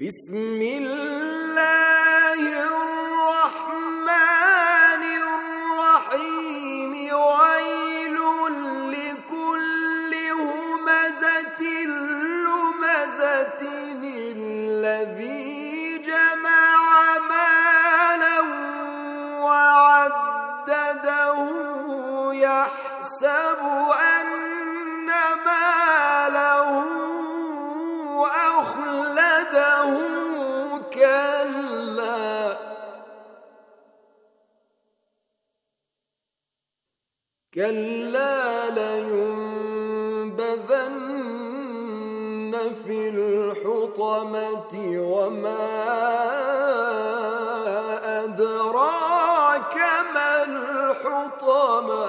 بسم الله وما أدراك ما الحطمة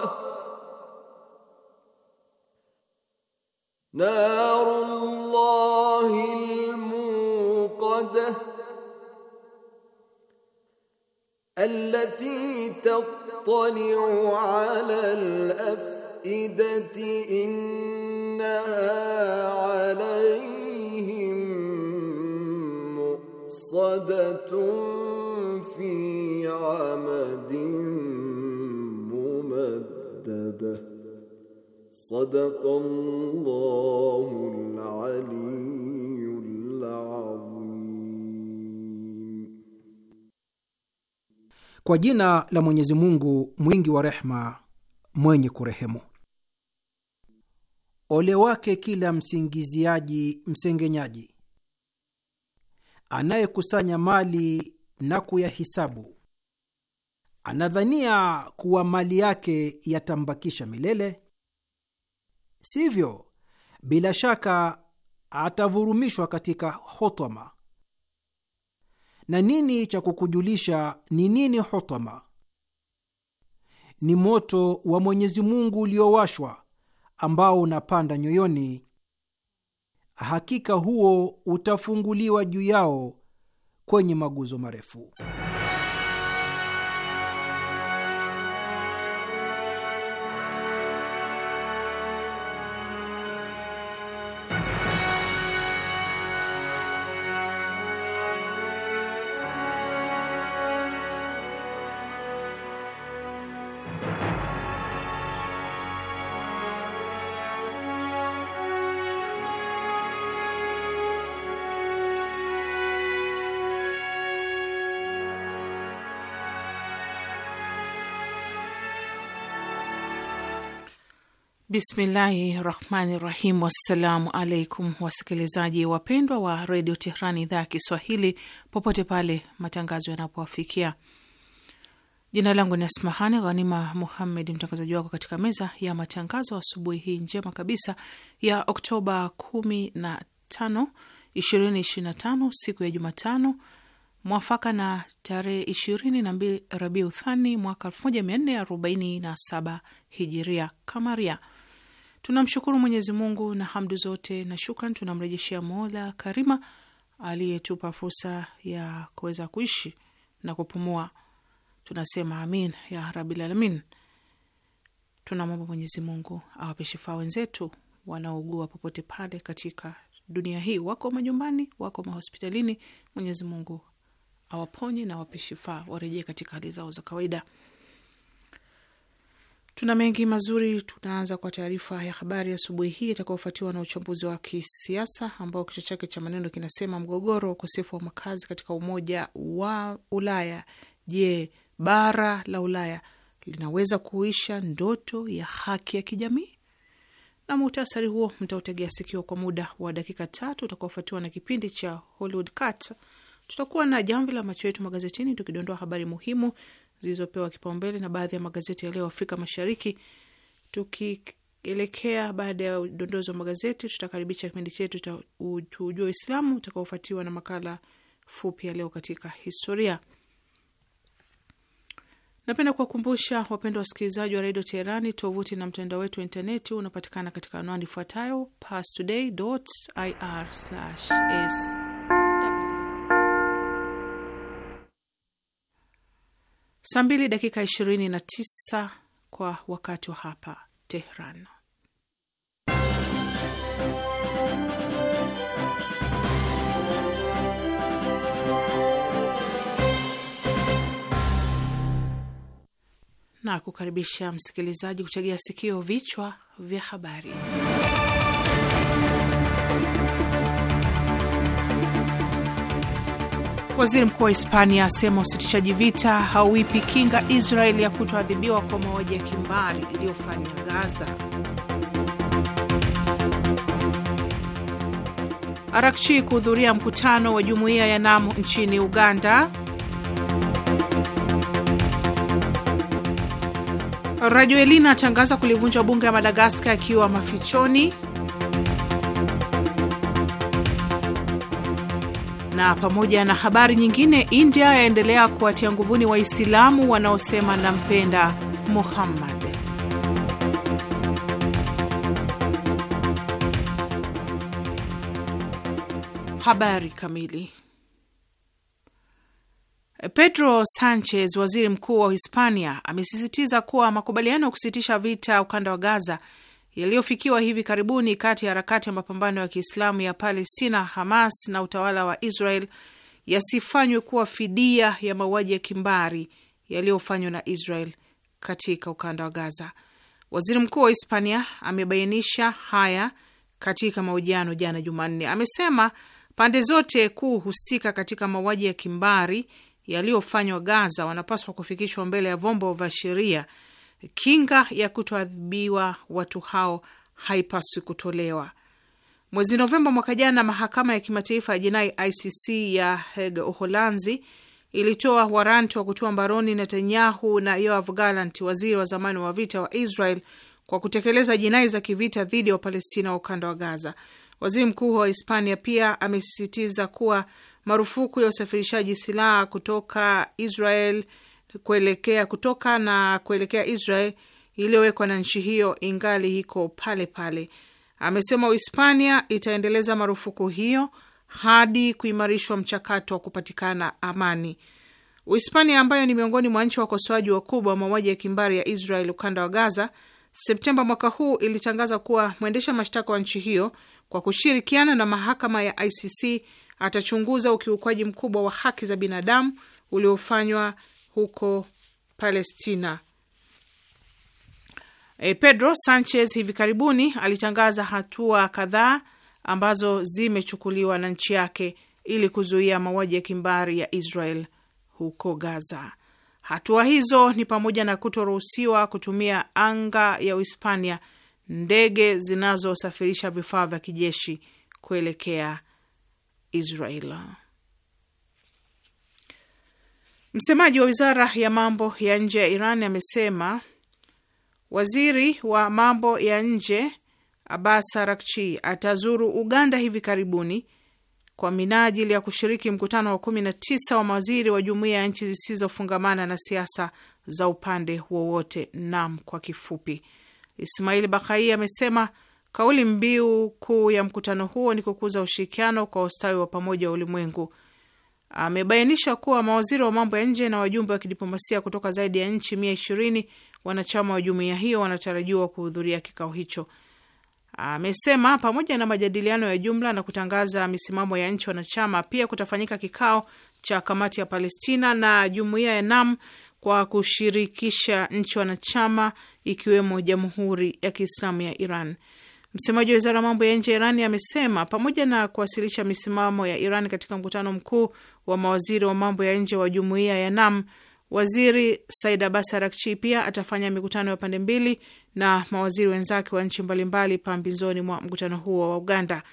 نار الله الموقدة التي تطلع على الأفئدة إنها في عمد صدق الله العلي العظيم Kwa jina la Mwenyezi Mungu mwingi wa rehma mwenye kurehemu. Ole wake kila msingiziaji msengenyaji anayekusanya mali na kuyahisabu, anadhania kuwa mali yake yatambakisha milele. Sivyo, bila shaka atavurumishwa katika hotoma. Na nini cha kukujulisha ni nini hotoma? Ni moto wa Mwenyezi Mungu uliowashwa ambao unapanda nyoyoni hakika huo utafunguliwa juu yao kwenye maguzo marefu. Bismillahi rahmani rahim. Wassalamu alaikum wasikilizaji wapendwa wa redio Tehran, idhaa ya Kiswahili, popote pale matangazo yanapowafikia. Jina langu ni Asmahani Ghanima Muhammed, mtangazaji wako katika meza ya matangazo asubuhi hii njema kabisa ya Oktoba 15, 2025 siku ya Jumatano mwafaka na tarehe 22 Rabiu Thani mwaka 1447 Hijiria Kamaria. Tunamshukuru Mwenyezi Mungu na hamdu zote na shukran tunamrejeshea Mola Karima aliyetupa fursa ya kuweza kuishi na kupumua. Tunasema amin ya rabil alamin. Tunamwomba Mwenyezi Mungu awape shifaa wenzetu wanaougua popote pale katika dunia hii, wako majumbani, wako mahospitalini. Mwenyezi Mungu awaponye na awape shifaa, warejee katika hali zao za kawaida. Tuna mengi mazuri. Tunaanza kwa taarifa ya habari asubuhi hii itakayofuatiwa na uchambuzi wa kisiasa ambao kichwa chake cha maneno kinasema mgogoro wa ukosefu wa makazi katika Umoja wa Ulaya. Je, bara la Ulaya linaweza kuisha ndoto ya haki ya kijamii? Na muhtasari huo mtautegea sikio kwa muda wa dakika tatu utakaofuatiwa na kipindi cha Hollywood Cut. Tutakuwa na jamvi la macho yetu magazetini tukidondoa habari muhimu zilizopewa kipaumbele na baadhi ya magazeti ya leo Afrika Mashariki. Tukielekea baada ya udondozi wa magazeti, tutakaribisha kipindi chetu Tujue Uislamu utakaofuatiwa na makala fupi ya leo katika historia. Napenda kuwakumbusha wapendwa wasikilizaji wa redio Teherani, tovuti na mtandao wetu wa intaneti unapatikana katika anwani ifuatayo pastoday.ir/s saa mbili dakika ishirini na tisa kwa wakati wa hapa Tehran. na kukaribisha msikilizaji kuchagia sikio vichwa vya habari. Waziri mkuu wa Hispania asema usitishaji vita hauipi kinga israel ya kutoadhibiwa kwa mauaji ya kimbari iliyofanya Gaza. Arakchi kuhudhuria mkutano wa jumuiya ya Namu nchini Uganda. Rajoelina atangaza kulivunja bunge ya Madagaskar akiwa mafichoni. na pamoja na habari nyingine, India yaendelea kuwatia nguvuni Waislamu wanaosema nampenda Muhammad. Habari kamili. Pedro Sanchez, waziri mkuu wa Hispania, amesisitiza kuwa makubaliano ya kusitisha vita ukanda wa Gaza yaliyofikiwa hivi karibuni kati ya harakati ya mapambano ya Kiislamu ya Palestina, Hamas, na utawala wa Israel yasifanywe kuwa fidia ya mauaji ya kimbari yaliyofanywa na Israel katika ukanda wa Gaza. Waziri mkuu wa Hispania amebainisha haya katika mahojiano jana Jumanne. Amesema pande zote kuu husika katika mauaji ya kimbari yaliyofanywa Gaza wanapaswa kufikishwa mbele ya vyombo vya sheria Kinga ya kutoadhibiwa watu hao haipaswi kutolewa. Mwezi Novemba mwaka jana, mahakama ya kimataifa ya jinai ICC ya Hague, Uholanzi, ilitoa waranti wa kutua mbaroni Netanyahu na Yoav Gallant, waziri wa zamani wa vita wa Israel, kwa kutekeleza jinai za kivita dhidi ya Wapalestina wa ukanda wa Gaza. Waziri mkuu wa Hispania pia amesisitiza kuwa marufuku ya usafirishaji silaha kutoka Israel kuelekea kutoka na kuelekea Israel iliyowekwa na nchi hiyo ingali iko pale pale. Amesema Uhispania itaendeleza marufuku hiyo hadi kuimarishwa mchakato wa kupatikana amani. Uhispania ambayo ni miongoni mwa nchi wakosoaji wakubwa wa mauaji ya kimbari ya Israel ukanda wa Gaza, Septemba mwaka huu ilitangaza kuwa mwendesha mashtaka wa nchi hiyo kwa kushirikiana na mahakama ya ICC atachunguza ukiukwaji mkubwa wa haki za binadamu uliofanywa huko Palestina. E, Pedro Sanchez hivi karibuni alitangaza hatua kadhaa ambazo zimechukuliwa na nchi yake ili kuzuia mauaji ya kimbari ya Israel huko Gaza. Hatua hizo ni pamoja na kutoruhusiwa kutumia anga ya Uhispania ndege zinazosafirisha vifaa vya kijeshi kuelekea Israel. Msemaji wa wizara ya mambo ya nje ya Iran amesema waziri wa mambo ya nje Abbas Arakchi atazuru Uganda hivi karibuni kwa minajili ya kushiriki mkutano wa 19 wa mawaziri wa jumuiya ya nchi zisizofungamana na siasa za upande wowote, NAM kwa kifupi. Ismail Bakai amesema kauli mbiu kuu ya mkutano huo ni kukuza ushirikiano kwa ustawi wa pamoja wa ulimwengu amebainisha kuwa mawaziri wa mambo ya nje na wajumbe wa kidiplomasia kutoka zaidi ya nchi mia ishirini wanachama wa jumuiya hiyo wanatarajiwa kuhudhuria kikao hicho. Amesema pamoja na majadiliano ya jumla na kutangaza misimamo ya nchi wanachama, pia kutafanyika kikao cha kamati ya Palestina na jumuiya ya NAM kwa kushirikisha nchi wanachama ikiwemo Jamhuri ya Kiislamu ya Iran. Msemaji wa wizara ya mambo ya nje ya Iran amesema pamoja na kuwasilisha misimamo ya Iran katika mkutano mkuu wa mawaziri wa mambo ya nje wa jumuiya ya NAM, waziri Said Abbas Arakchi pia atafanya mikutano ya pande mbili na mawaziri wenzake wa nchi mbalimbali pambizoni mwa mkutano huo wa Uganda.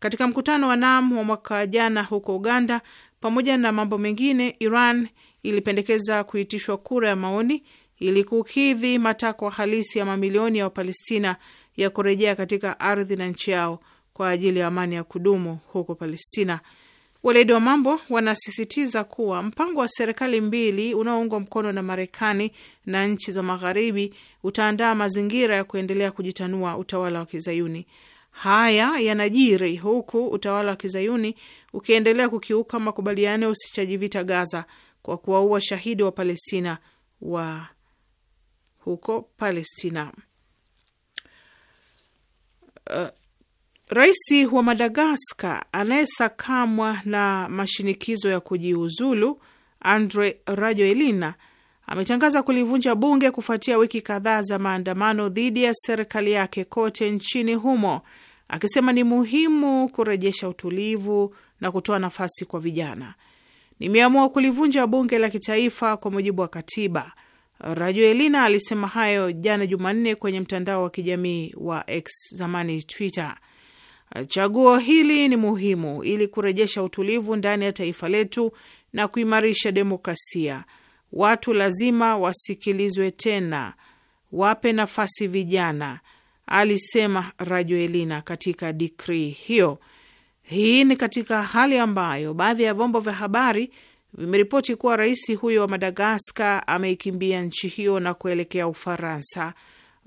Katika mkutano wa NAM wa mwaka jana huko Uganda, pamoja na mambo mengine, Iran ilipendekeza kuitishwa kura ya maoni ili kukidhi matakwa halisi ya mamilioni ya Wapalestina ya kurejea katika ardhi na nchi yao kwa ajili ya amani ya kudumu huko Palestina. Weledi wa mambo wanasisitiza kuwa mpango wa serikali mbili unaoungwa mkono na Marekani na nchi za Magharibi utaandaa mazingira ya kuendelea kujitanua utawala wa Kizayuni. Haya yanajiri huku utawala wa Kizayuni ukiendelea kukiuka makubaliano ya usichaji vita Gaza kwa kuwaua shahidi wa Palestina wa huko Palestina. Uh, Rais wa Madagaskar anayesakamwa na mashinikizo ya kujiuzulu Andre Rajoelina ametangaza kulivunja bunge kufuatia wiki kadhaa za maandamano dhidi ya serikali yake kote nchini humo, akisema ni muhimu kurejesha utulivu na kutoa nafasi kwa vijana. Nimeamua kulivunja bunge la kitaifa kwa mujibu wa katiba. Rajoelina alisema hayo jana Jumanne kwenye mtandao wa kijamii wa X, zamani Twitter. Chaguo hili ni muhimu ili kurejesha utulivu ndani ya taifa letu na kuimarisha demokrasia. Watu lazima wasikilizwe tena, wape nafasi vijana, alisema Rajoelina katika dikrii hiyo. Hii ni katika hali ambayo baadhi ya vyombo vya habari vimeripoti kuwa rais huyo wa Madagaskar ameikimbia nchi hiyo na kuelekea Ufaransa.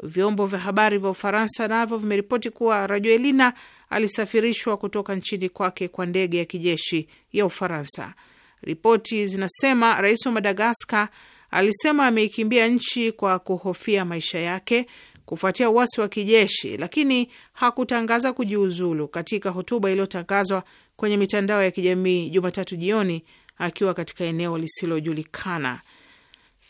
Vyombo vya habari vya Ufaransa navyo vimeripoti kuwa Rajoelina alisafirishwa kutoka nchini kwake kwa ndege ya kijeshi ya Ufaransa. Ripoti zinasema rais wa Madagaskar alisema ameikimbia nchi kwa kuhofia maisha yake kufuatia uasi wa kijeshi, lakini hakutangaza kujiuzulu katika hotuba iliyotangazwa kwenye mitandao ya kijamii Jumatatu jioni akiwa katika eneo lisilojulikana.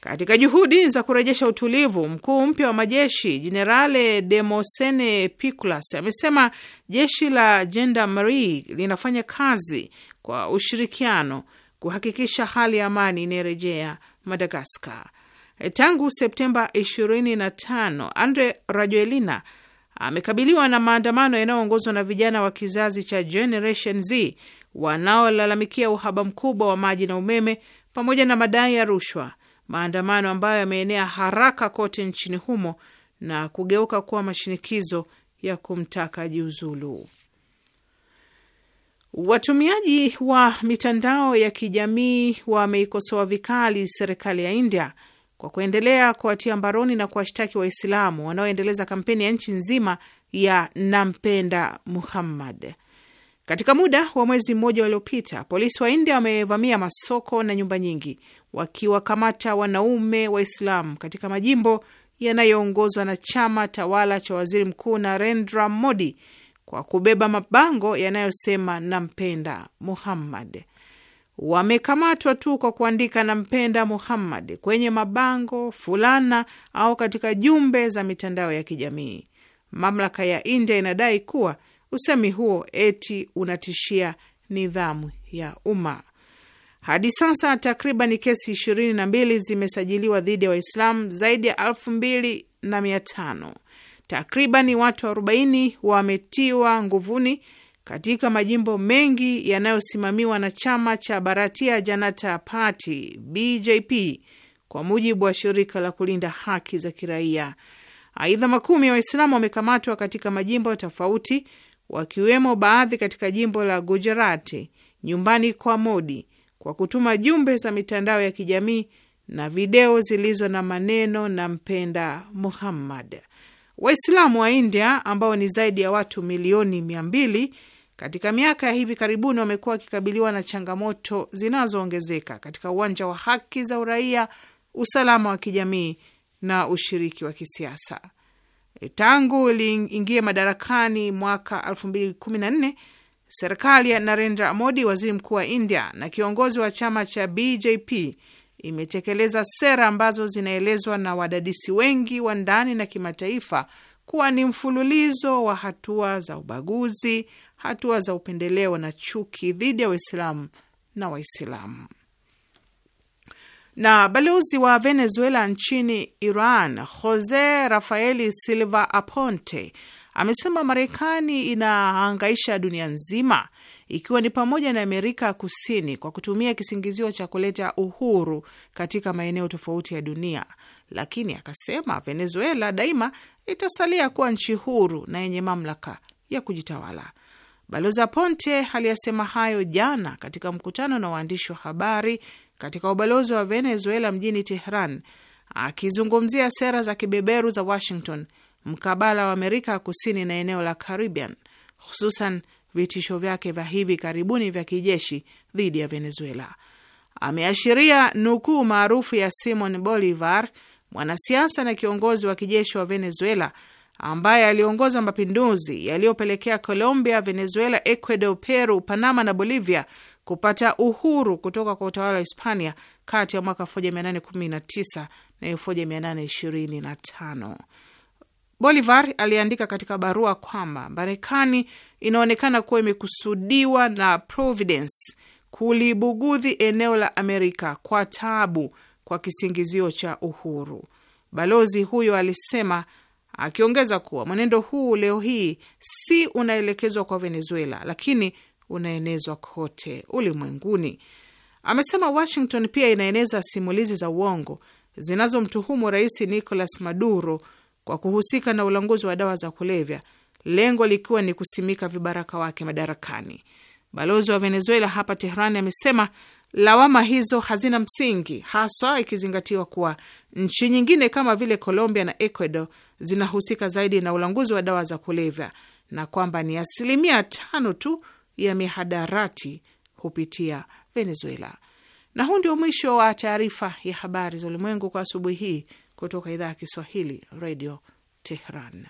Katika juhudi za kurejesha utulivu, mkuu mpya wa majeshi Jenerale Demosene piculas amesema jeshi la Gendarmerie linafanya kazi kwa ushirikiano kuhakikisha hali ya amani inayerejea Madagaskar. Tangu Septemba 25 Andre Rajoelina amekabiliwa na maandamano yanayoongozwa na vijana wa kizazi cha Generation Z wanaolalamikia uhaba mkubwa wa maji na umeme pamoja na madai ya rushwa maandamano ambayo yameenea haraka kote nchini humo na kugeuka kuwa mashinikizo ya kumtaka jiuzulu. Watumiaji wa mitandao ya kijamii wameikosoa vikali serikali ya India kwa kuendelea kuwatia mbaroni na kuwashtaki Waislamu wanaoendeleza kampeni ya nchi nzima ya nampenda Muhammad. Katika muda wa mwezi mmoja uliopita, polisi wa India wamevamia masoko na nyumba nyingi, wakiwakamata wanaume Waislamu katika majimbo yanayoongozwa na chama tawala cha waziri mkuu Narendra Modi kwa kubeba mabango yanayosema nampenda Muhammad. Wamekamatwa tu kwa kuandika nampenda Muhammad kwenye mabango, fulana au katika jumbe za mitandao ya kijamii. Mamlaka ya India inadai kuwa usemi huo eti unatishia nidhamu ya umma. Hadi sasa takriban kesi ishirini na mbili zimesajiliwa dhidi ya Waislamu zaidi ya elfu mbili na mia tano. Takriban watu 40 wametiwa nguvuni katika majimbo mengi yanayosimamiwa na chama cha Bharatiya Janata Party BJP, kwa mujibu wa shirika la kulinda haki za kiraia. Aidha, makumi ya wa Waislamu wamekamatwa katika majimbo tofauti, wakiwemo baadhi katika jimbo la Gujarati nyumbani kwa Modi kwa kutuma jumbe za mitandao ya kijamii na video zilizo na maneno na mpenda Muhammad. Waislamu wa India ambao ni zaidi ya watu milioni mia mbili katika miaka ya hivi karibuni wamekuwa wakikabiliwa na changamoto zinazoongezeka katika uwanja wa haki za uraia, usalama wa kijamii na ushiriki wa kisiasa. Tangu iliingia madarakani mwaka 2014 Serikali ya Narendra Modi, waziri mkuu wa India na kiongozi wa chama cha BJP, imetekeleza sera ambazo zinaelezwa na wadadisi wengi wa ndani na kimataifa kuwa ni mfululizo wa hatua za ubaguzi, hatua za upendeleo na chuki dhidi ya Waislamu na Waislamu. Na balozi wa Venezuela nchini Iran Jose Rafaeli Silva Aponte amesema Marekani inahangaisha dunia nzima ikiwa ni pamoja na Amerika ya Kusini kwa kutumia kisingizio cha kuleta uhuru katika maeneo tofauti ya dunia, lakini akasema Venezuela daima itasalia kuwa nchi huru na yenye mamlaka ya kujitawala. Balozi ponte aliyasema hayo jana katika mkutano na waandishi wa habari katika ubalozi wa Venezuela mjini Tehran, akizungumzia sera za kibeberu za Washington mkabala wa Amerika Kusini na eneo la Caribbean, hususan vitisho vyake vya hivi karibuni vya kijeshi dhidi ya Venezuela. Ameashiria nukuu maarufu ya Simon Bolivar, mwanasiasa na kiongozi wa kijeshi wa Venezuela ambaye aliongoza mapinduzi yaliyopelekea Colombia, Venezuela, Ecuador, Peru, Panama na Bolivia kupata uhuru kutoka kwa utawala wa Hispania kati ya mwaka 1819 na 1825. Bolivar aliandika katika barua kwamba Marekani inaonekana kuwa imekusudiwa na Providence kulibugudhi eneo la Amerika kwa taabu kwa kisingizio cha uhuru. Balozi huyo alisema, akiongeza kuwa mwenendo huu leo hii si unaelekezwa kwa Venezuela, lakini unaenezwa kote ulimwenguni. Amesema Washington pia inaeneza simulizi za uongo zinazomtuhumu Rais Nicolas Maduro kwa kuhusika na ulanguzi wa dawa za kulevya, lengo likiwa ni kusimika vibaraka wake madarakani. Balozi wa Venezuela hapa tehrani amesema lawama hizo hazina msingi, haswa ikizingatiwa kuwa nchi nyingine kama vile Colombia na Ecuador zinahusika zaidi na ulanguzi wa dawa za kulevya na kwamba ni asilimia tano tu ya mihadarati hupitia Venezuela. Na huu ndio mwisho wa taarifa ya habari za ulimwengu kwa asubuhi hii kutoka idhaa ya Kiswahili, Radio Tehran.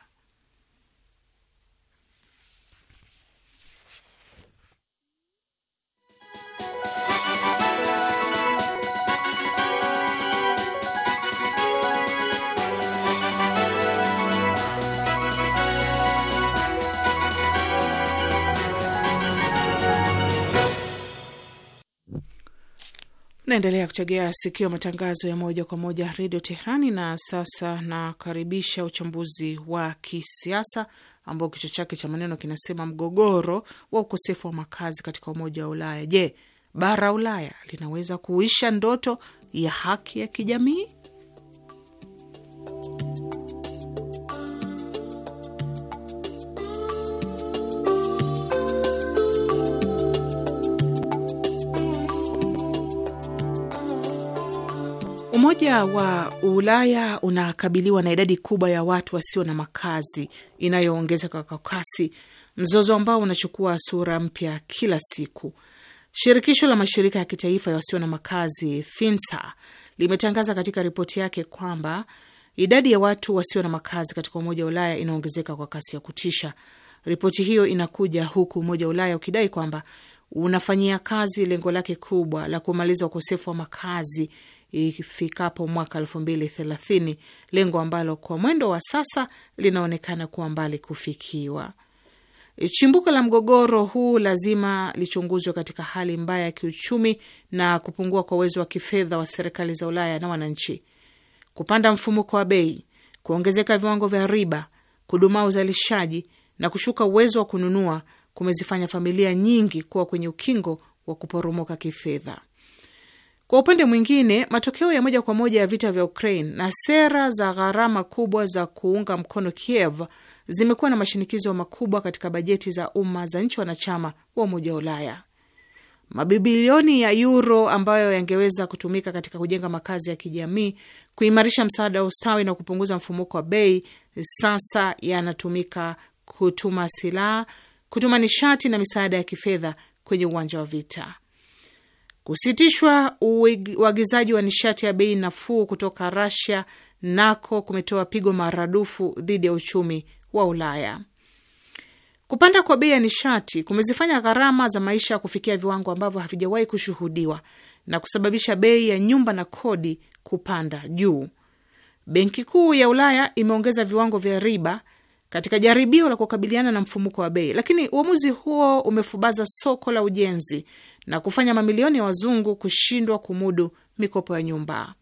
Naendelea kutegea sikio matangazo ya moja kwa moja redio Teherani. Na sasa nakaribisha uchambuzi wa kisiasa ambao kichwa chake cha maneno kinasema mgogoro wa ukosefu wa makazi katika Umoja wa Ulaya. Je, bara Ulaya linaweza kuisha ndoto ya haki ya kijamii? Umoja wa Ulaya unakabiliwa na idadi kubwa ya watu wasio na makazi inayoongezeka kwa kasi, mzozo ambao unachukua sura mpya kila siku. Shirikisho la mashirika ya kitaifa ya wasio na makazi FINSA limetangaza katika ripoti yake kwamba idadi ya watu wasio na makazi katika Umoja wa Ulaya inaongezeka kwa kasi ya kutisha. Ripoti hiyo inakuja huku Umoja wa Ulaya ukidai kwamba unafanyia kazi lengo lake kubwa la kumaliza ukosefu wa makazi ifikapo mwaka elfu mbili thelathini, lengo ambalo kwa mwendo wa sasa linaonekana kuwa mbali kufikiwa. Chimbuko la mgogoro huu lazima lichunguzwe katika hali mbaya ya kiuchumi na kupungua kwa uwezo wa kifedha wa serikali za Ulaya na wananchi, kupanda mfumuko wa bei, kuongezeka viwango vya riba, kudumaa uzalishaji na kushuka uwezo wa kununua kumezifanya familia nyingi kuwa kwenye ukingo wa kuporomoka kifedha. Kwa upande mwingine, matokeo ya moja kwa moja ya vita vya Ukraine na sera za gharama kubwa za kuunga mkono Kiev zimekuwa na mashinikizo makubwa katika bajeti za umma za nchi wanachama wa Umoja wa Ulaya. mabibilioni ya yuro ambayo yangeweza kutumika katika kujenga makazi ya kijamii, kuimarisha msaada wa ustawi na kupunguza mfumuko wa bei, sasa yanatumika kutuma silaha, kutuma nishati na misaada ya kifedha kwenye uwanja wa vita. Kusitishwa uagizaji wa nishati ya bei nafuu kutoka rasia nako kumetoa pigo maradufu dhidi ya uchumi wa Ulaya. Kupanda kwa bei ya nishati kumezifanya gharama za maisha kufikia viwango ambavyo havijawahi kushuhudiwa na kusababisha bei ya nyumba na kodi kupanda juu. Benki Kuu ya Ulaya imeongeza viwango vya riba katika jaribio la kukabiliana na mfumuko wa bei, lakini uamuzi huo umefubaza soko la ujenzi na kufanya mamilioni ya wazungu kushindwa kumudu mikopo ya nyumba.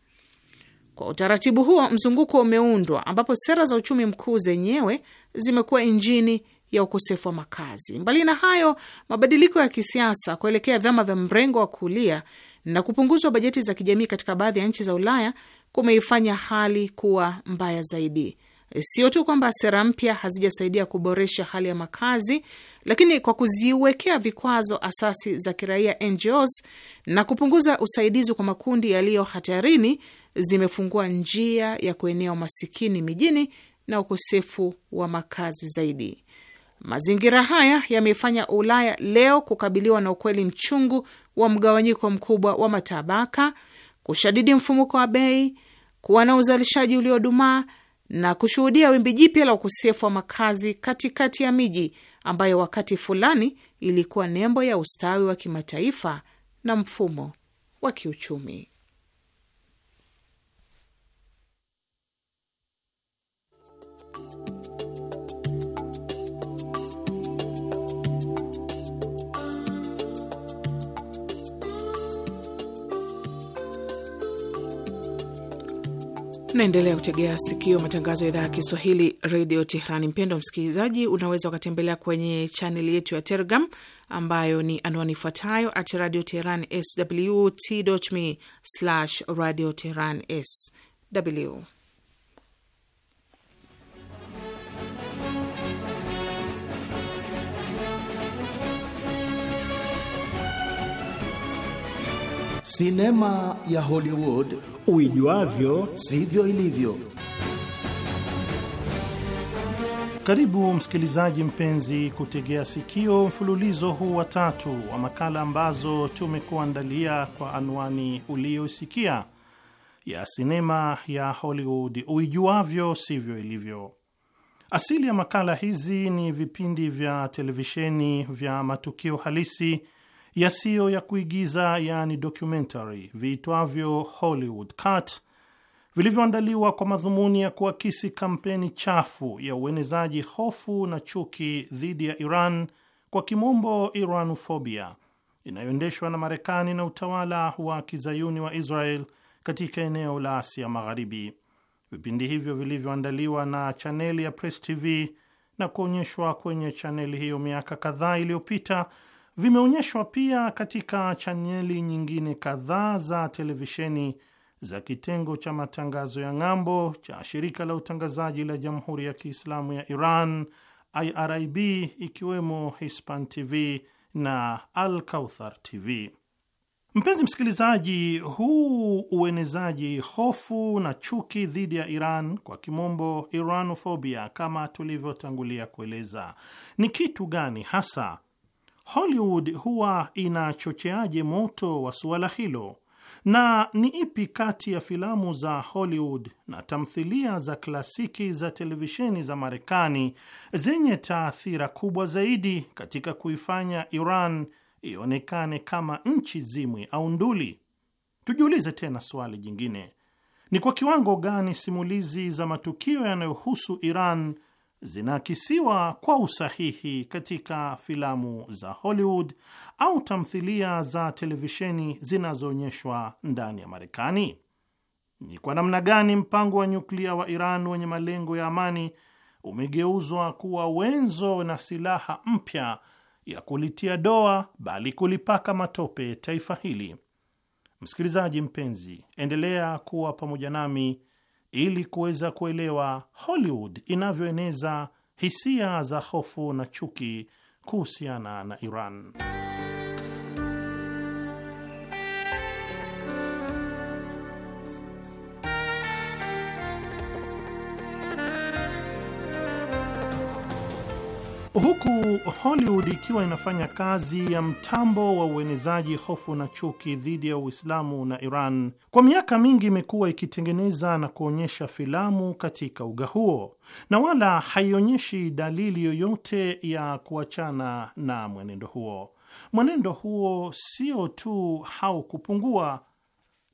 Kwa utaratibu huo, mzunguko umeundwa ambapo sera za uchumi mkuu zenyewe zimekuwa injini ya ukosefu wa makazi. Mbali na hayo, mabadiliko ya kisiasa kuelekea vyama vya mrengo wa kulia na kupunguzwa bajeti za kijamii katika baadhi ya nchi za Ulaya kumeifanya hali kuwa mbaya zaidi. Sio tu kwamba sera mpya hazijasaidia kuboresha hali ya makazi, lakini kwa kuziwekea vikwazo asasi za kiraia NGOs na kupunguza usaidizi kwa makundi yaliyo hatarini zimefungua njia ya kuenea umasikini mijini na ukosefu wa makazi zaidi. Mazingira haya yamefanya Ulaya leo kukabiliwa na ukweli mchungu wa mgawanyiko mkubwa wa matabaka, kushadidi mfumuko wa bei, kuwa na uzalishaji uliodumaa na kushuhudia wimbi jipya la ukosefu wa makazi katikati ya miji ambayo wakati fulani ilikuwa nembo ya ustawi wa kimataifa na mfumo wa kiuchumi. Naendelea kutegea sikio matangazo ya idhaa ya Kiswahili redio Tehrani. Mpendo msikilizaji, unaweza ukatembelea kwenye chaneli yetu ya Telegram ambayo ni anwani ifuatayo at radio tehran sw slash radio tehran sw Sinema ya Hollywood uijuavyo sivyo ilivyo. Karibu msikilizaji mpenzi kutegea sikio mfululizo huu wa tatu wa makala ambazo tumekuandalia kwa anwani uliyosikia ya sinema ya Hollywood uijuavyo sivyo ilivyo. Asili ya makala hizi ni vipindi vya televisheni vya matukio halisi yasiyo ya kuigiza yani documentary viitwavyo Hollywood Cut vilivyoandaliwa kwa madhumuni ya kuakisi kampeni chafu ya uenezaji hofu na chuki dhidi ya Iran, kwa kimombo Iranophobia, inayoendeshwa na Marekani na utawala wa kizayuni wa Israel katika eneo la Asia Magharibi. Vipindi hivyo vilivyoandaliwa na chaneli ya Press TV na kuonyeshwa kwenye chaneli hiyo miaka kadhaa iliyopita vimeonyeshwa pia katika chaneli nyingine kadhaa za televisheni za kitengo cha matangazo ya ng'ambo cha shirika la utangazaji la Jamhuri ya Kiislamu ya Iran IRIB ikiwemo Hispan TV na Al Kauthar TV. Mpenzi msikilizaji, huu uenezaji hofu na chuki dhidi ya Iran, kwa kimombo Iranofobia, kama tulivyotangulia kueleza, ni kitu gani hasa? Hollywood huwa inachocheaje moto wa suala hilo, na ni ipi kati ya filamu za Hollywood na tamthilia za klasiki za televisheni za Marekani zenye taathira kubwa zaidi katika kuifanya Iran ionekane kama nchi zimwi au nduli? Tujiulize tena swali jingine, ni kwa kiwango gani simulizi za matukio yanayohusu Iran zinaakisiwa kwa usahihi katika filamu za Hollywood au tamthilia za televisheni zinazoonyeshwa ndani ya Marekani? Ni kwa namna gani mpango wa nyuklia wa Iran wenye malengo ya amani umegeuzwa kuwa wenzo na silaha mpya ya kulitia doa bali kulipaka matope taifa hili? Msikilizaji mpenzi, endelea kuwa pamoja nami ili kuweza kuelewa Hollywood inavyoeneza hisia za hofu na chuki kuhusiana na Iran. Huku Hollywood ikiwa inafanya kazi ya mtambo wa uenezaji hofu na chuki dhidi ya Uislamu na Iran, kwa miaka mingi imekuwa ikitengeneza na kuonyesha filamu katika uga huo na wala haionyeshi dalili yoyote ya kuachana na mwenendo huo. Mwenendo huo sio tu haukupungua,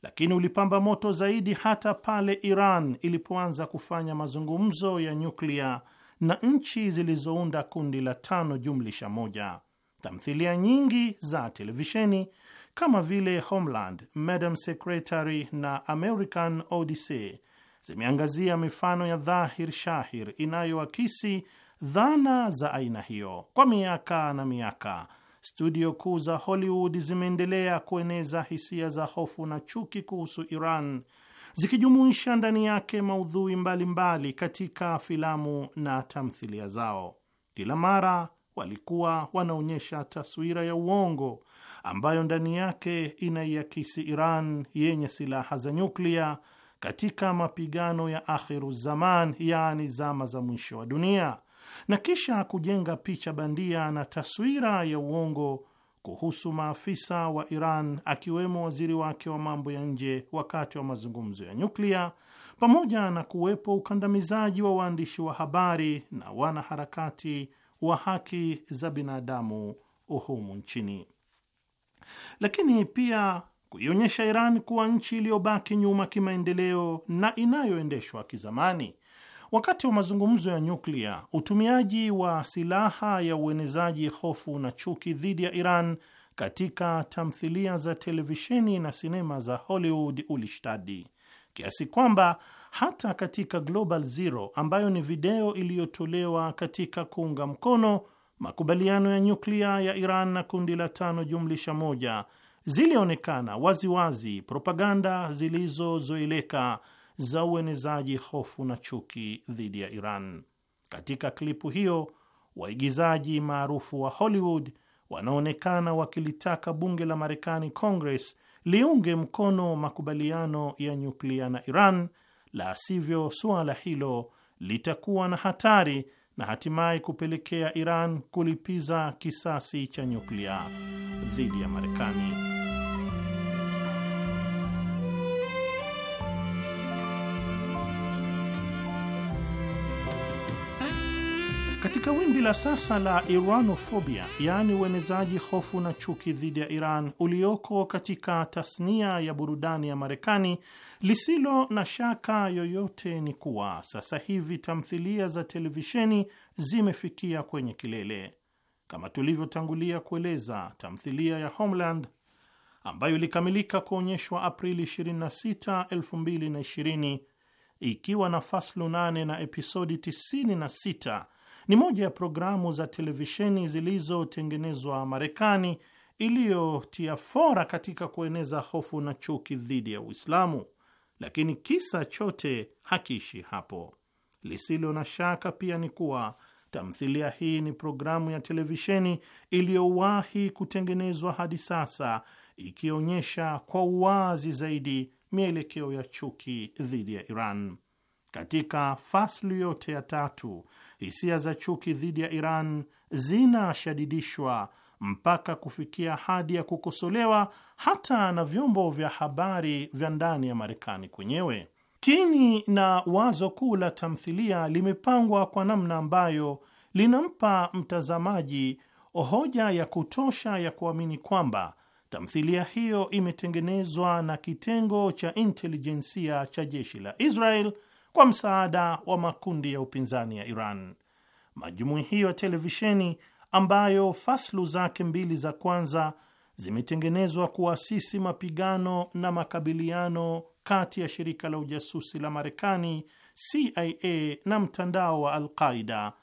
lakini ulipamba moto zaidi hata pale Iran ilipoanza kufanya mazungumzo ya nyuklia na nchi zilizounda kundi la tano jumlisha moja. Tamthilia nyingi za televisheni kama vile Homeland, Madam Secretary na American Odyssey zimeangazia mifano ya dhahir shahir inayoakisi dhana za aina hiyo. Kwa miaka na miaka, studio kuu za Hollywood zimeendelea kueneza hisia za hofu na chuki kuhusu Iran zikijumuisha ndani yake maudhui mbalimbali mbali katika filamu na tamthilia zao. Kila mara walikuwa wanaonyesha taswira ya uongo ambayo ndani yake inaiakisi Iran yenye silaha za nyuklia katika mapigano ya akhiru zaman, yaani zama za mwisho wa dunia, na kisha kujenga picha bandia na taswira ya uongo kuhusu maafisa wa Iran akiwemo waziri wake wa mambo ya nje wakati wa mazungumzo ya nyuklia, pamoja na kuwepo ukandamizaji wa waandishi wa habari na wanaharakati wa haki za binadamu humu nchini, lakini pia kuionyesha Iran kuwa nchi iliyobaki nyuma kimaendeleo na inayoendeshwa kizamani Wakati wa mazungumzo ya nyuklia, utumiaji wa silaha ya uenezaji hofu na chuki dhidi ya Iran katika tamthilia za televisheni na sinema za Hollywood ulishtadi kiasi kwamba hata katika Global Zero ambayo ni video iliyotolewa katika kuunga mkono makubaliano ya nyuklia ya Iran na kundi la tano jumlisha moja zilionekana waziwazi propaganda zilizozoeleka za uenezaji hofu na chuki dhidi ya Iran. Katika klipu hiyo, waigizaji maarufu wa Hollywood wanaonekana wakilitaka bunge la Marekani, Congress, liunge mkono makubaliano ya nyuklia na Iran, la sivyo suala hilo litakuwa na hatari na hatimaye kupelekea Iran kulipiza kisasi cha nyuklia dhidi ya Marekani. Katika wimbi la sasa la Iranofobia, yaani uenezaji hofu na chuki dhidi ya Iran ulioko katika tasnia ya burudani ya Marekani, lisilo na shaka yoyote ni kuwa sasa hivi tamthilia za televisheni zimefikia kwenye kilele. Kama tulivyotangulia kueleza, tamthilia ya Homeland ambayo ilikamilika kuonyeshwa Aprili 26, 2020 ikiwa na faslu 8 na episodi 96 ni moja ya programu za televisheni zilizotengenezwa Marekani iliyotia fora katika kueneza hofu na chuki dhidi ya Uislamu. Lakini kisa chote hakiishi hapo. Lisilo na shaka pia ni kuwa tamthilia hii ni programu ya televisheni iliyowahi kutengenezwa hadi sasa, ikionyesha kwa uwazi zaidi mielekeo ya chuki dhidi ya Iran. Katika fasli yote ya tatu, hisia za chuki dhidi ya Iran zinashadidishwa mpaka kufikia hadi ya kukosolewa hata na vyombo vya habari vya ndani ya Marekani kwenyewe. Kini na wazo kuu la tamthilia limepangwa kwa namna ambayo linampa mtazamaji hoja ya kutosha ya kuamini kwamba tamthilia hiyo imetengenezwa na kitengo cha intelijensia cha jeshi la Israel kwa msaada wa makundi ya upinzani ya Iran. Majumui hiyo ya televisheni ambayo faslu zake mbili za kwanza zimetengenezwa kuasisi mapigano na makabiliano kati ya shirika la ujasusi la Marekani CIA na mtandao wa Alqaida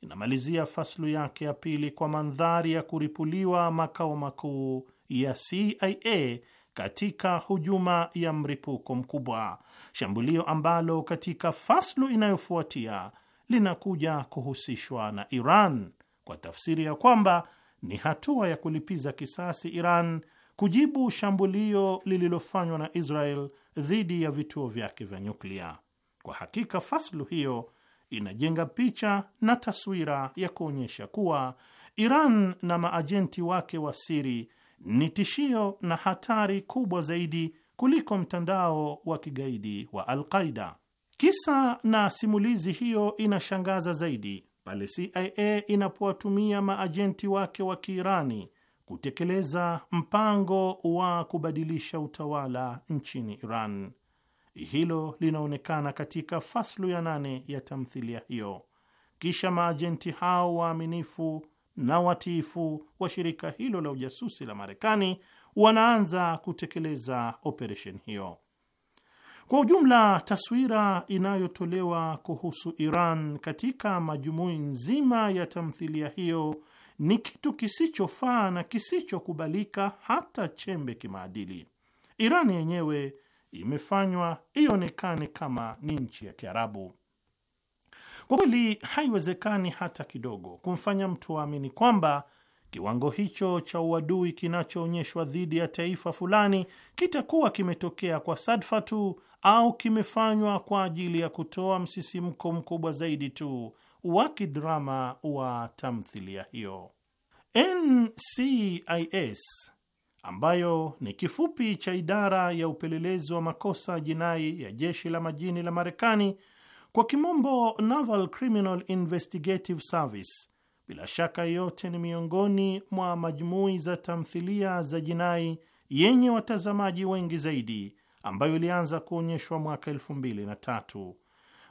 inamalizia faslu yake ya pili kwa mandhari ya kuripuliwa makao makuu ya CIA katika hujuma ya mripuko mkubwa, shambulio ambalo katika faslu inayofuatia linakuja kuhusishwa na Iran kwa tafsiri ya kwamba ni hatua ya kulipiza kisasi Iran kujibu shambulio lililofanywa na Israel dhidi ya vituo vyake vya nyuklia. Kwa hakika faslu hiyo inajenga picha na taswira ya kuonyesha kuwa Iran na maajenti wake wa siri ni tishio na hatari kubwa zaidi kuliko mtandao wa kigaidi wa Alqaida. Kisa na simulizi hiyo inashangaza zaidi pale CIA inapowatumia maajenti wake wa Kiirani kutekeleza mpango wa kubadilisha utawala nchini Iran. Hilo linaonekana katika faslu ya nane ya tamthilia hiyo. Kisha maajenti hao waaminifu na watiifu wa shirika hilo la ujasusi la Marekani wanaanza kutekeleza operesheni hiyo. Kwa ujumla, taswira inayotolewa kuhusu Iran katika majumui nzima ya tamthilia hiyo ni kitu kisichofaa na kisichokubalika hata chembe kimaadili. Iran yenyewe imefanywa ionekane kama ni nchi ya Kiarabu. Kwa kweli haiwezekani hata kidogo kumfanya mtu aamini kwamba kiwango hicho cha uadui kinachoonyeshwa dhidi ya taifa fulani kitakuwa kimetokea kwa sadfa tu au kimefanywa kwa ajili ya kutoa msisimko mkubwa zaidi tu wa kidrama wa tamthilia hiyo. NCIS ambayo ni kifupi cha idara ya upelelezi wa makosa jinai ya jeshi la majini la Marekani kwa kimombo Naval Criminal Investigative Service, bila shaka yote ni miongoni mwa majumui za tamthilia za jinai yenye watazamaji wengi zaidi ambayo ilianza kuonyeshwa mwaka elfu mbili na tatu.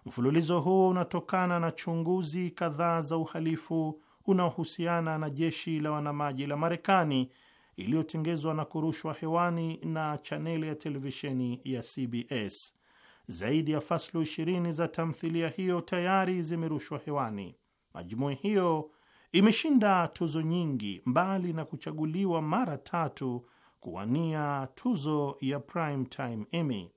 Mfululizo huo unatokana na chunguzi kadhaa za uhalifu unaohusiana na jeshi la wanamaji la Marekani iliyotengezwa na kurushwa hewani na chaneli ya televisheni ya CBS zaidi ya faslu 20 za tamthilia hiyo tayari zimerushwa hewani. Majumui hiyo imeshinda tuzo nyingi, mbali na kuchaguliwa mara tatu kuwania tuzo ya Primetime Emmy.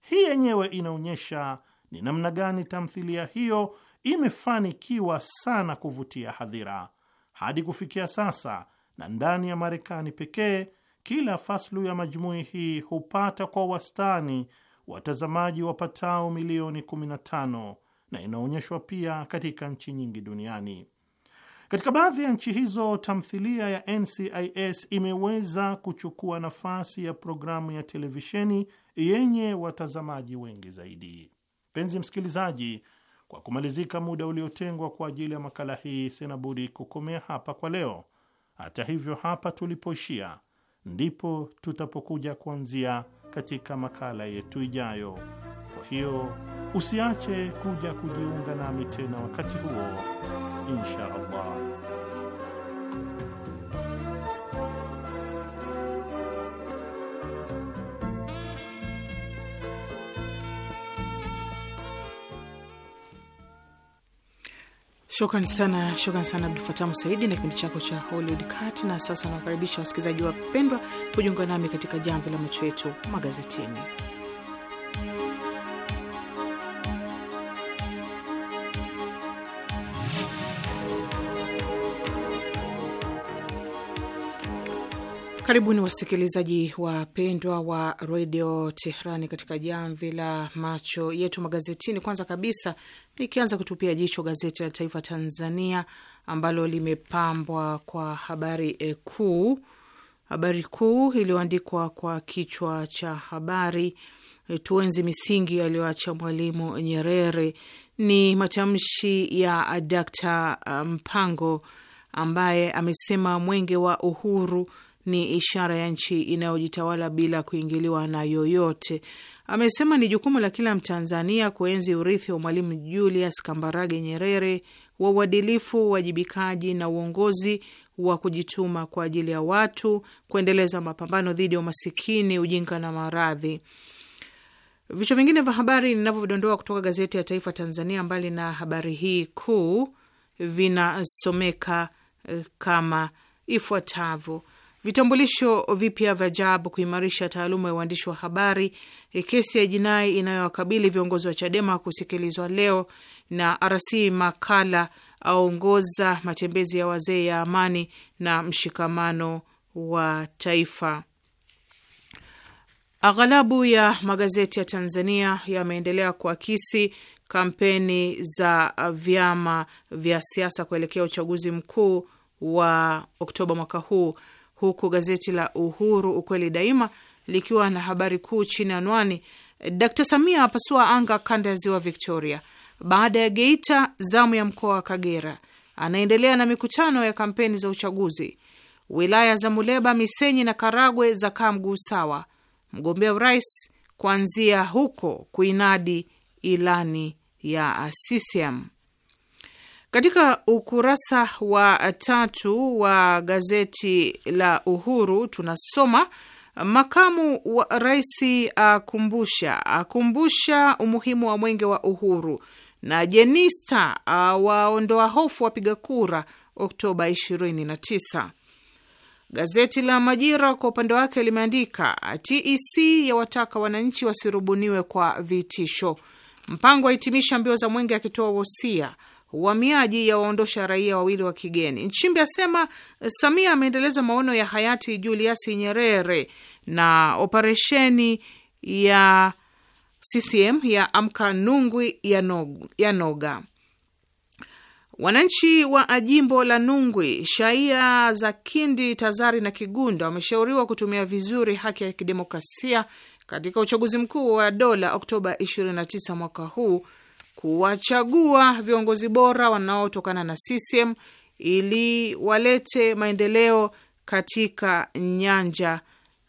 Hii yenyewe inaonyesha ni namna gani tamthilia hiyo imefanikiwa sana kuvutia hadhira hadi kufikia sasa, na ndani ya Marekani pekee kila faslu ya majumui hii hupata kwa wastani watazamaji wapatao milioni 15 na inaonyeshwa pia katika nchi nyingi duniani. Katika baadhi ya nchi hizo, tamthilia ya NCIS imeweza kuchukua nafasi ya programu ya televisheni yenye watazamaji wengi zaidi. Mpenzi msikilizaji, kwa kumalizika muda uliotengwa kwa ajili ya makala hii, sina budi kukomea hapa kwa leo. Hata hivyo, hapa tulipoishia ndipo tutapokuja kuanzia katika makala yetu ijayo. Kwa hiyo usiache kuja kujiunga nami tena wakati huo, insha Allah. Shukran sana, shukran sana Abdul Fatamu Saidi na kipindi chako cha Hollywood Cat. Na sasa nawakaribisha wasikilizaji wapendwa kujiunga nami katika jamvi la macho yetu magazetini. Karibuni wasikilizaji wapendwa wa redio Tehrani katika jamvi la macho yetu magazetini. Kwanza kabisa likianza kutupia jicho gazeti la Taifa Tanzania ambalo limepambwa kwa habari e kuu, habari kuu iliyoandikwa kwa kichwa cha habari eh, tuenzi misingi aliyoacha Mwalimu Nyerere. Ni matamshi ya Dkt Mpango ambaye amesema mwenge wa uhuru ni ishara ya nchi inayojitawala bila kuingiliwa na yoyote. Amesema ni jukumu la kila Mtanzania kuenzi urithi wa Mwalimu Julius Kambarage Nyerere wa uadilifu, uwajibikaji na uongozi wa kujituma kwa ajili ya watu, kuendeleza mapambano dhidi ya umasikini, ujinga na maradhi. Vichwa vingine vya habari ninavyovidondoa kutoka gazeti ya Taifa Tanzania, mbali na habari hii kuu, vinasomeka eh, kama ifuatavyo: Vitambulisho vipya vya JAB kuimarisha taaluma ya uandishi wa habari. Eh, kesi ya jinai inayowakabili viongozi wa CHADEMA kusikilizwa leo, na RC Makala aongoza matembezi ya wazee ya amani na mshikamano wa taifa. Aghalabu ya magazeti ya Tanzania yameendelea kuakisi kampeni za vyama vya siasa kuelekea uchaguzi mkuu wa Oktoba mwaka huu huku gazeti la Uhuru ukweli daima likiwa na habari kuu chini anwani Dkt Samia apasua anga kanda ya ziwa Victoria. Baada ya Geita, zamu ya mkoa wa Kagera, anaendelea na mikutano ya kampeni za uchaguzi. Wilaya za Muleba, Misenyi na Karagwe za kaa mguu sawa, mgombea urais kuanzia huko kuinadi ilani ya CCM. Katika ukurasa wa tatu wa gazeti la Uhuru tunasoma makamu wa rais akumbusha akumbusha umuhimu wa mwenge wa uhuru, na Jenista awaondoa uh, hofu wapiga kura Oktoba 29. Gazeti la Majira kwa upande wake limeandika TEC yawataka wananchi wasirubuniwe kwa vitisho, Mpango ahitimisha mbio za mwenge akitoa wosia ya yawaondosha raia wawili wa kigeni. Nchimbi asema eh, Samia ameendeleza maono ya hayati Julius Nyerere na operesheni ya CCM ya amka Nungwi ya, nog, ya noga Wananchi wa jimbo la Nungwi, shaia za Kindi, Tazari na Kigunda wameshauriwa kutumia vizuri haki ya kidemokrasia katika uchaguzi mkuu wa dola Oktoba 29 mwaka huu kuwachagua viongozi bora wanaotokana na CCM ili walete maendeleo katika nyanja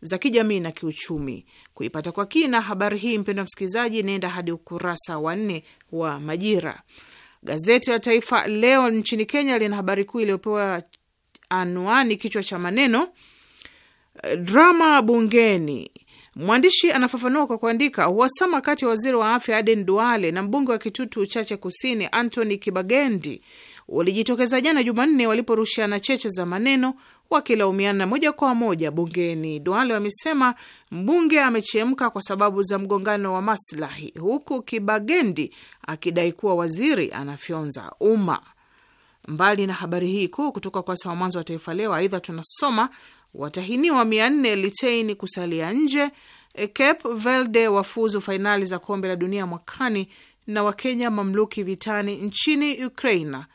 za kijamii na kiuchumi. Kuipata kwa kina habari hii, mpendwa msikilizaji, inaenda hadi ukurasa wa nne wa Majira. Gazeti la Taifa Leo nchini Kenya lina habari kuu iliyopewa anwani, kichwa cha maneno drama bungeni Mwandishi anafafanua kwa kuandika, uhasama kati ya waziri wa afya Aden Duale na mbunge wa Kitutu Chache Kusini Anthony Kibagendi ulijitokeza jana Jumanne waliporushiana cheche za maneno wakilaumiana moja kwa moja bungeni. Duale wamesema mbunge amechemka kwa sababu za mgongano wa maslahi, huku Kibagendi akidai kuwa waziri anafyonza umma. Mbali na habari hii kuu kutoka ukurasa wa mwanzo wa Taifa Leo, aidha tunasoma Watahiniwa mia nne Litein kusalia nje. Eh, Cape Verde wafuzu fainali za kombe la dunia mwakani, na Wakenya mamluki vitani nchini Ukraina.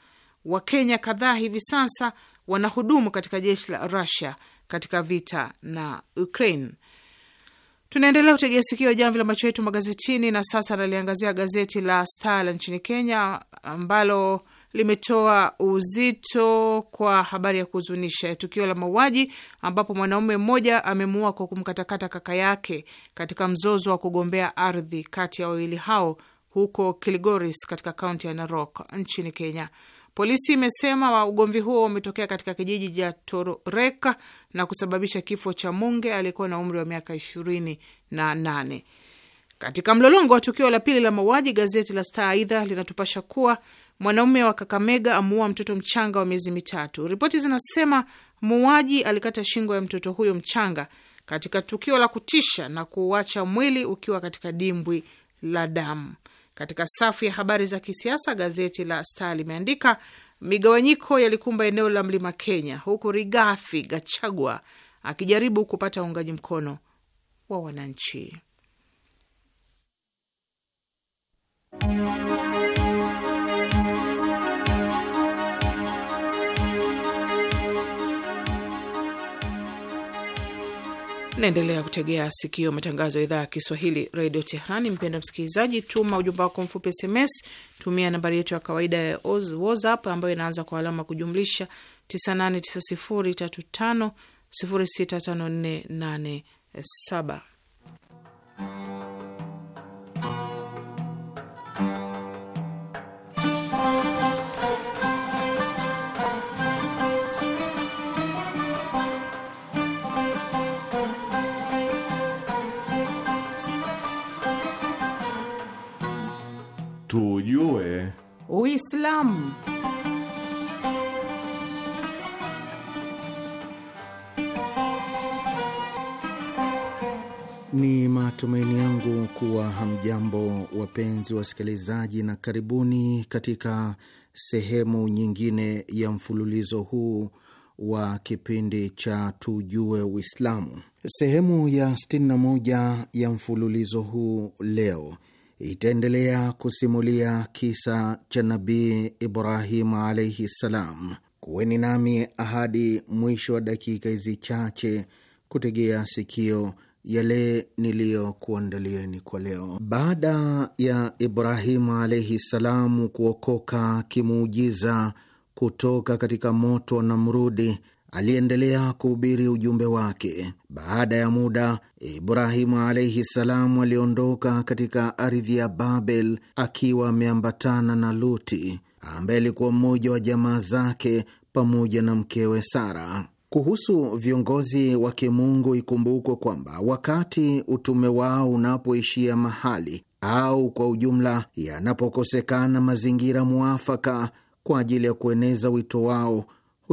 Wakenya kadhaa hivi sasa wanahudumu katika jeshi la Rusia katika vita na Ukraine. Tunaendelea kutegea sikio jamvi la macho yetu magazetini, na sasa naliangazia gazeti la Star la nchini Kenya ambalo limetoa uzito kwa habari ya kuhuzunisha ya tukio la mauaji ambapo mwanaume mmoja amemuua kwa kumkatakata kaka yake katika mzozo wa kugombea ardhi kati ya wawili hao huko Kilgoris katika kaunti ya Narok nchini Kenya. Polisi imesema ugomvi huo umetokea katika kijiji cha Tororeka na kusababisha kifo cha Munge aliyekuwa na umri wa miaka ishirini na nane. Katika mlolongo wa tukio la pili la mauaji, gazeti la Star aidha linatupasha kuwa Mwanaume wa Kakamega amuua mtoto mchanga wa miezi mitatu. Ripoti zinasema muuaji alikata shingo ya mtoto huyo mchanga katika tukio la kutisha na kuuacha mwili ukiwa katika dimbwi la damu. Katika safu ya habari za kisiasa, gazeti la Star limeandika migawanyiko yalikumba eneo la mlima Kenya, huku Rigathi Gachagua akijaribu kupata uungaji mkono wa wananchi. Naendelea kutegea sikio matangazo ya idhaa ya Kiswahili redio Tehrani. Mpenda msikilizaji, tuma ujumbe wako mfupi SMS, tumia nambari yetu ya kawaida ya WhatsApp ambayo inaanza kwa alama kujumlisha 989035065487. Uislamu. Ni matumaini yangu kuwa hamjambo, wapenzi wasikilizaji, na karibuni katika sehemu nyingine ya mfululizo huu wa kipindi cha Tujue Uislamu. Sehemu ya 61 ya mfululizo huu leo itaendelea kusimulia kisa cha Nabii Ibrahimu alaihi ssalam. Kuweni nami ahadi mwisho wa dakika hizi chache kutegea sikio yale niliyokuandalieni kwa leo. Baada ya Ibrahimu alaihi ssalamu kuokoka kimuujiza kutoka katika moto na mrudi aliendelea kuhubiri ujumbe wake. Baada ya muda, Ibrahimu alaihi salamu aliondoka katika ardhi ya Babel akiwa ameambatana na Luti ambaye alikuwa mmoja wa jamaa zake pamoja na mkewe Sara. Kuhusu viongozi wa kimungu, ikumbukwe kwamba wakati utume wao unapoishia mahali au kwa ujumla yanapokosekana mazingira muafaka kwa ajili ya kueneza wito wao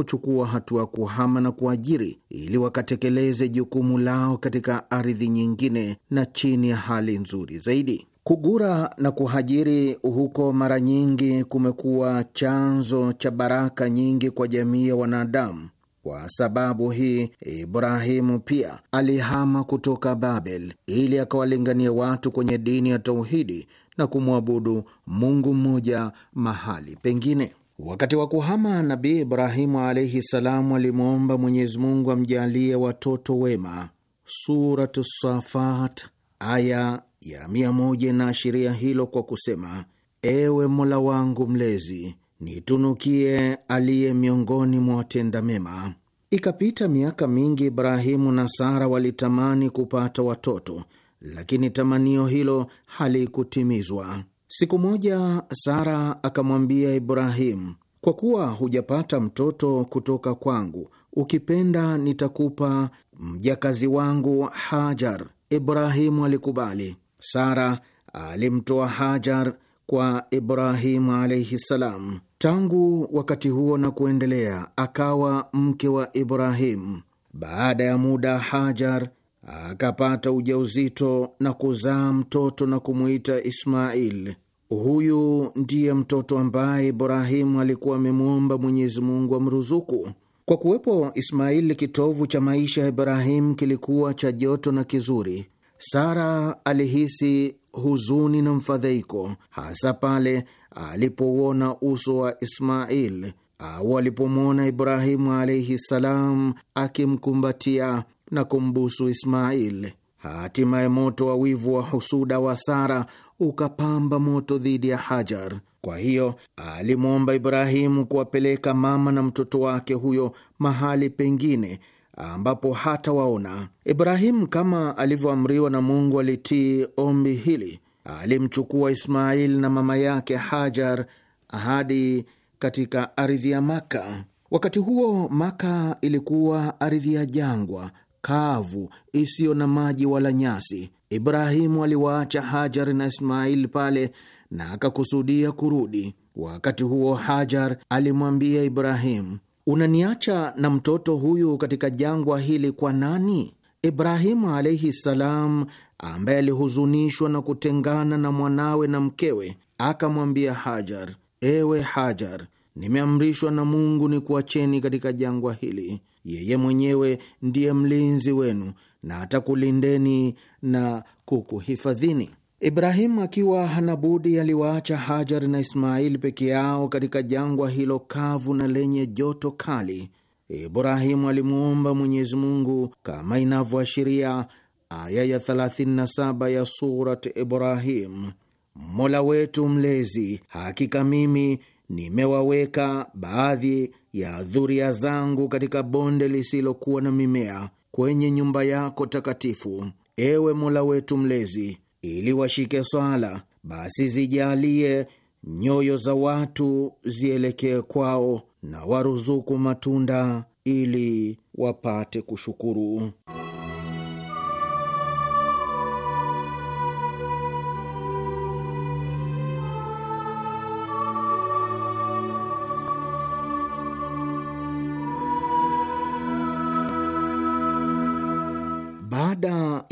kuchukua hatua kuhama na kuajiri ili wakatekeleze jukumu lao katika ardhi nyingine na chini ya hali nzuri zaidi. Kugura na kuhajiri huko mara nyingi kumekuwa chanzo cha baraka nyingi kwa jamii ya wanadamu. Kwa sababu hii, Ibrahimu pia alihama kutoka Babel ili akawalingania watu kwenye dini ya tauhidi na kumwabudu Mungu mmoja mahali pengine. Wakati wa kuhama, Nabii Ibrahimu alaihi salamu alimwomba Mwenyezi Mungu amjalie watoto wema. Suratu Safat aya ya mia moja inaashiria hilo kwa kusema: ewe Mola wangu mlezi, nitunukie aliye miongoni mwa watenda mema. Ikapita miaka mingi, Ibrahimu na Sara walitamani kupata watoto, lakini tamanio hilo halikutimizwa. Siku moja Sara akamwambia Ibrahimu, kwa kuwa hujapata mtoto kutoka kwangu, ukipenda nitakupa mjakazi wangu Hajar. Ibrahimu alikubali. Sara alimtoa Hajar kwa Ibrahimu alaihi ssalam. Tangu wakati huo na kuendelea, akawa mke wa Ibrahimu. Baada ya muda, Hajar akapata ujauzito na kuzaa mtoto na kumwita Ismail. Huyu ndiye mtoto ambaye Ibrahimu alikuwa amemwomba Mwenyezi Mungu amruzuku. Kwa kuwepo Ismail, kitovu cha maisha ya Ibrahimu kilikuwa cha joto na kizuri. Sara alihisi huzuni na mfadhaiko, hasa pale alipouona uso wa Ismail au alipomwona Ibrahimu alaihi salam akimkumbatia na kumbusu Ismail. Hatimaye moto wa wivu wa husuda wa Sara ukapamba moto dhidi ya Hajar. Kwa hiyo alimwomba Ibrahimu kuwapeleka mama na mtoto wake huyo mahali pengine ambapo hata waona. Ibrahimu kama alivyoamriwa na Mungu alitii ombi hili. Alimchukua Ismail na mama yake Hajar hadi katika ardhi ya Maka. Wakati huo Maka ilikuwa ardhi ya jangwa kavu isiyo na maji wala nyasi. Ibrahimu aliwaacha Hajar na Ismail pale na akakusudia kurudi. Wakati huo Hajar alimwambia Ibrahimu, unaniacha na mtoto huyu katika jangwa hili kwa nani? Ibrahimu alaihi salam, ambaye alihuzunishwa na kutengana na mwanawe na mkewe, akamwambia Hajar, ewe Hajar, nimeamrishwa na Mungu ni kuacheni katika jangwa hili yeye mwenyewe ndiye mlinzi wenu na atakulindeni na kukuhifadhini. Ibrahimu akiwa hana budi aliwaacha Hajar na Ismaili peke yao katika jangwa hilo kavu na lenye joto kali. Ibrahimu alimwomba Mwenyezi Mungu kama inavyoashiria aya ya 37 ya Surat Ibrahim: Mola wetu Mlezi, hakika mimi nimewaweka baadhi ya dhuria zangu katika bonde lisilokuwa na mimea, kwenye nyumba yako takatifu, ewe Mola wetu Mlezi, ili washike swala, basi zijalie nyoyo za watu zielekee kwao, na waruzuku matunda ili wapate kushukuru.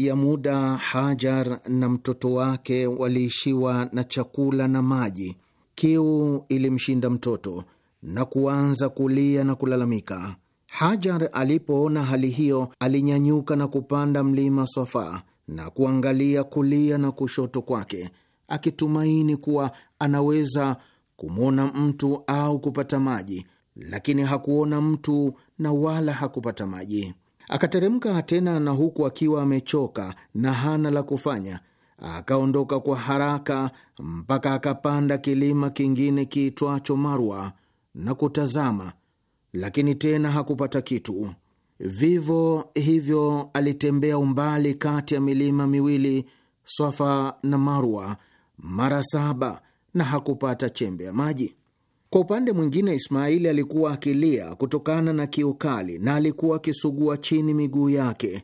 ya muda, Hajar na mtoto wake waliishiwa na chakula na maji. Kiu ilimshinda mtoto na kuanza kulia na kulalamika. Hajar alipoona hali hiyo, alinyanyuka na kupanda mlima Safa na kuangalia kulia na kushoto kwake, akitumaini kuwa anaweza kumwona mtu au kupata maji, lakini hakuona mtu na wala hakupata maji. Akateremka tena, na huku akiwa amechoka na hana la kufanya, akaondoka kwa haraka mpaka akapanda kilima kingine kiitwacho Marwa na kutazama, lakini tena hakupata kitu. Vivyo hivyo alitembea umbali kati ya milima miwili Swafa na Marwa mara saba na hakupata chembe ya maji. Kwa upande mwingine, Ismaili alikuwa akilia kutokana na kiukali na alikuwa akisugua chini miguu yake,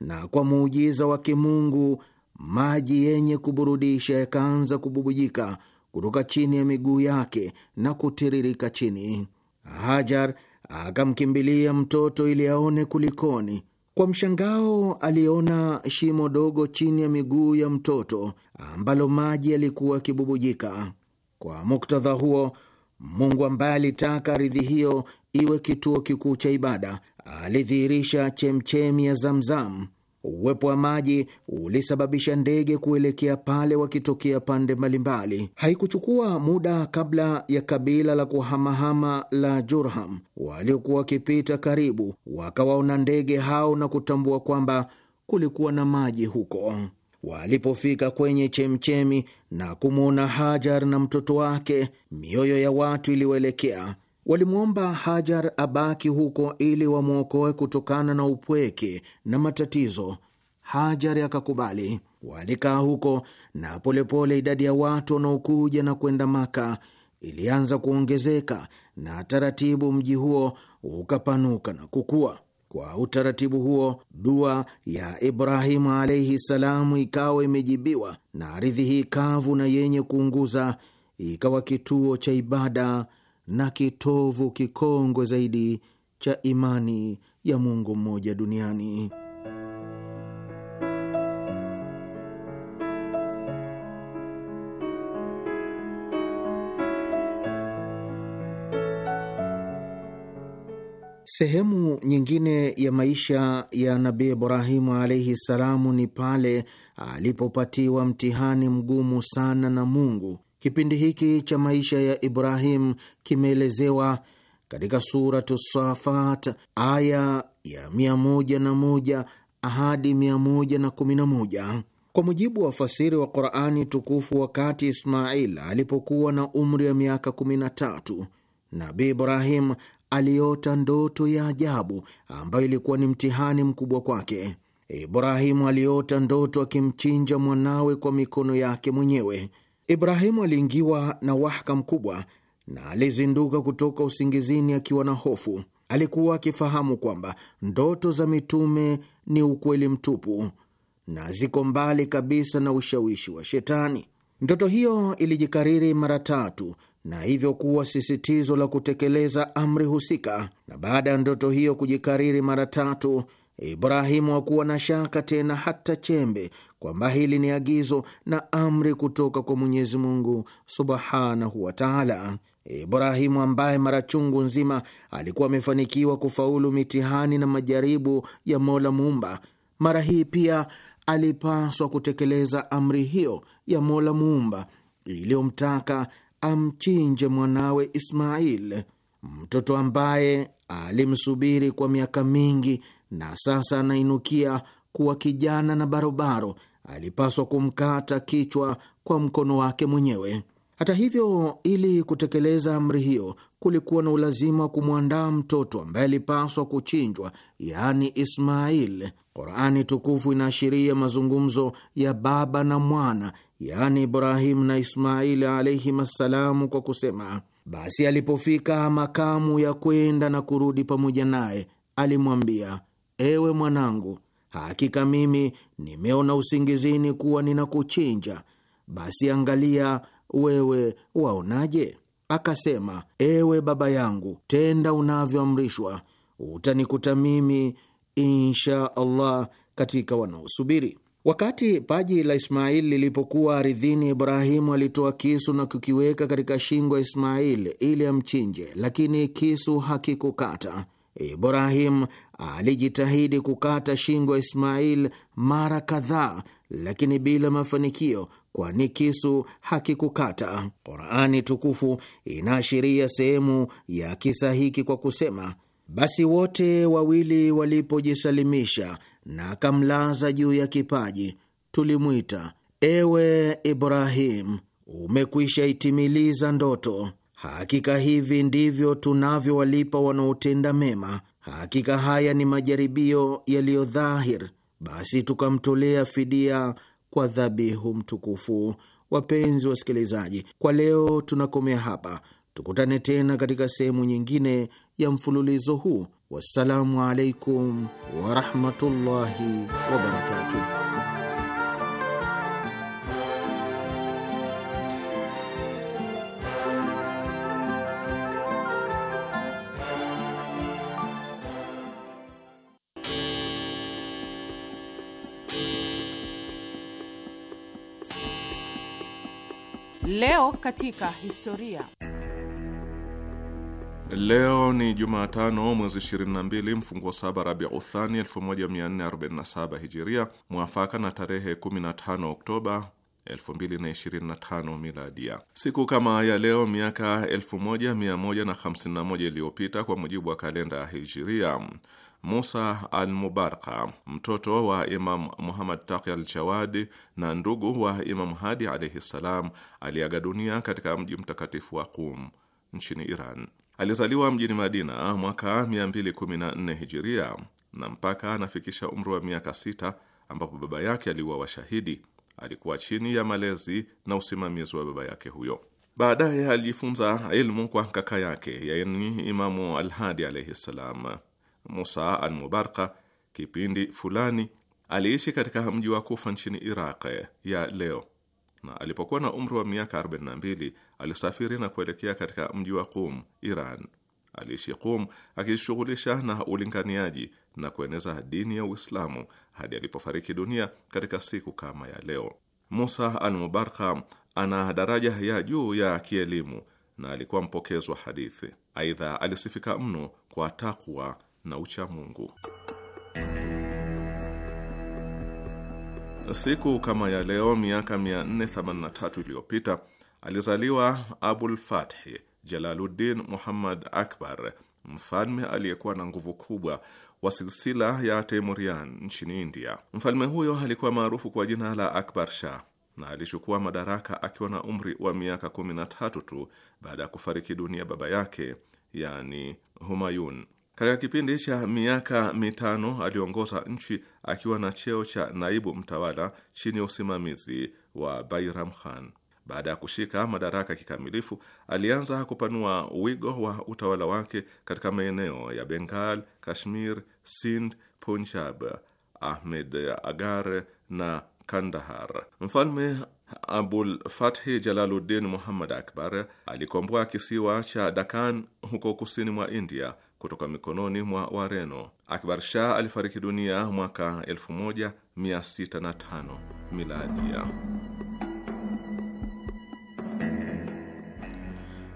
na kwa muujiza wa kimungu maji yenye kuburudisha yakaanza kububujika kutoka chini ya miguu yake na kutiririka chini. Hajar akamkimbilia mtoto ili aone kulikoni. Kwa mshangao, aliona shimo dogo chini ya miguu ya mtoto ambalo maji yalikuwa yakibubujika. Kwa muktadha huo Mungu ambaye alitaka ardhi hiyo iwe kituo kikuu cha ibada alidhihirisha chemchemi ya Zamzam. Uwepo wa maji ulisababisha ndege kuelekea pale wakitokea pande mbalimbali. Haikuchukua muda kabla ya kabila la kuhamahama la Jurham waliokuwa wakipita karibu wakawaona ndege hao na kutambua kwamba kulikuwa na maji huko. Walipofika kwenye chemchemi na kumwona Hajar na mtoto wake, mioyo ya watu iliyoelekea walimwomba Hajar abaki huko ili wamwokoe kutokana na upweke na matatizo. Hajar akakubali. Walikaa huko na polepole pole, idadi ya watu wanaokuja na kwenda Maka ilianza kuongezeka na taratibu mji huo ukapanuka na kukua. Kwa utaratibu huo dua ya Ibrahimu alaihi salamu ikawa imejibiwa na ardhi hii kavu na yenye kuunguza ikawa kituo cha ibada na kitovu kikongwe zaidi cha imani ya Mungu mmoja duniani. Sehemu nyingine ya maisha ya nabi Ibrahimu alaihi salamu ni pale alipopatiwa mtihani mgumu sana na Mungu. Kipindi hiki cha maisha ya Ibrahim kimeelezewa katika Suratu Safat aya ya 101 hadi 111 kwa mujibu wa fasiri wa Qurani Tukufu. Wakati Ismail alipokuwa na umri wa miaka 13, Nabi Ibrahimu aliota ndoto ya ajabu ambayo ilikuwa ni mtihani mkubwa kwake. Ibrahimu aliota ndoto akimchinja mwanawe kwa mikono yake mwenyewe. Ibrahimu aliingiwa na wahaka mkubwa na alizinduka kutoka usingizini akiwa na hofu. Alikuwa akifahamu kwamba ndoto za mitume ni ukweli mtupu na ziko mbali kabisa na ushawishi wa Shetani. Ndoto hiyo ilijikariri mara tatu na hivyo kuwa sisitizo la kutekeleza amri husika. Na baada ya ndoto hiyo kujikariri mara tatu, Ibrahimu hakuwa na shaka tena hata chembe kwamba hili ni agizo na amri kutoka kwa Mwenyezi Mungu subhanahu wa taala. Ibrahimu ambaye mara chungu nzima alikuwa amefanikiwa kufaulu mitihani na majaribu ya Mola Muumba, mara hii pia alipaswa kutekeleza amri hiyo ya Mola Muumba iliyomtaka amchinje mwanawe Ismail, mtoto ambaye alimsubiri kwa miaka mingi na sasa anainukia kuwa kijana na barobaro. Alipaswa kumkata kichwa kwa mkono wake mwenyewe. Hata hivyo, ili kutekeleza amri hiyo, kulikuwa na ulazima wa kumwandaa mtoto ambaye alipaswa kuchinjwa, yaani Ismail. Qurani tukufu inaashiria mazungumzo ya baba na mwana yani Ibrahimu na Ismaili alaihim assalamu, kwa kusema, basi alipofika makamu ya kwenda na kurudi pamoja naye, alimwambia ewe mwanangu, hakika mimi nimeona usingizini kuwa ninakuchinja, basi angalia wewe waonaje? Akasema, ewe baba yangu, tenda unavyoamrishwa, utanikuta mimi insha Allah katika wanaosubiri. Wakati paji la ismail lilipokuwa aridhini, Ibrahimu alitoa kisu na kukiweka katika shingo ya ismail ili amchinje, lakini kisu hakikukata. Ibrahimu alijitahidi kukata shingo ya Ismail mara kadhaa, lakini bila mafanikio, kwani kisu hakikukata. Qurani tukufu inaashiria sehemu ya kisa hiki kwa kusema, basi wote wawili walipojisalimisha na akamlaza juu ya kipaji. Tulimwita, ewe Ibrahim, umekwisha itimiliza ndoto. Hakika hivi ndivyo tunavyowalipa wanaotenda mema. Hakika haya ni majaribio yaliyo dhahir. Basi tukamtolea fidia kwa dhabihu mtukufu. Wapenzi wasikilizaji, kwa leo tunakomea hapa, tukutane tena katika sehemu nyingine ya mfululizo huu. Wassalamu alaikum warahmatullahi wabarakatuh. Leo katika historia. Leo ni Jumatano, mwezi 22 mfunguo saba Rabiu Uthani 1447 Hijiria, mwafaka na tarehe 15 Oktoba 2025 miladia. Siku kama ya leo miaka 1151 iliyopita kwa mujibu wa kalenda ya Hijiria, Musa al-Mubarka mtoto wa Imam Muhammad Taqi al-Jawadi na ndugu wa Imam Hadi alaihi ssalam, aliaga dunia katika mji mtakatifu wa Qum nchini Iran. Alizaliwa mjini Madina mwaka 214 hijiria na mpaka anafikisha umri wa miaka sita ambapo baba yake aliuwa washahidi alikuwa chini ya malezi na usimamizi wa baba yake huyo. Baadaye alijifunza ilmu kwa kaka yake, yaani Imamu Alhadi alaihi ssalam. Musa Almubarka kipindi fulani aliishi katika mji wa Kufa nchini Iraq ya leo na alipokuwa na umri wa miaka 42 alisafiri na kuelekea katika mji wa Qum, Iran. Aliishi Qum akishughulisha na ulinganiaji na kueneza dini ya Uislamu hadi alipofariki dunia katika siku kama ya leo. Musa al-Mubarka ana daraja ya juu ya kielimu na alikuwa mpokezi wa hadithi. Aidha, alisifika mno kwa takwa na uchamungu. Siku kama ya leo miaka 483 iliyopita alizaliwa Abul Fathi Jalaluddin Muhammad Akbar, mfalme aliyekuwa na nguvu kubwa wa silsila ya Temurian nchini India. Mfalme huyo alikuwa maarufu kwa jina la Akbar Shah na alichukua madaraka akiwa na umri wa miaka 13 tu baada ya kufariki dunia baba yake, yani Humayun. Katika kipindi cha miaka mitano aliongoza nchi akiwa na cheo cha naibu mtawala chini ya usimamizi wa Bayram Khan. Baada ya kushika madaraka kikamilifu, alianza kupanua wigo wa utawala wake katika maeneo ya Bengal, Kashmir, Sind, Punjab, Ahmed Agar na Kandahar. Mfalme Abul Fathi Jalaluddin Muhammad Akbar alikomboa kisiwa cha Dakan huko kusini mwa India kutoka mikononi mwa Wareno. Akbar Shah alifariki dunia mwaka 1605 miladia.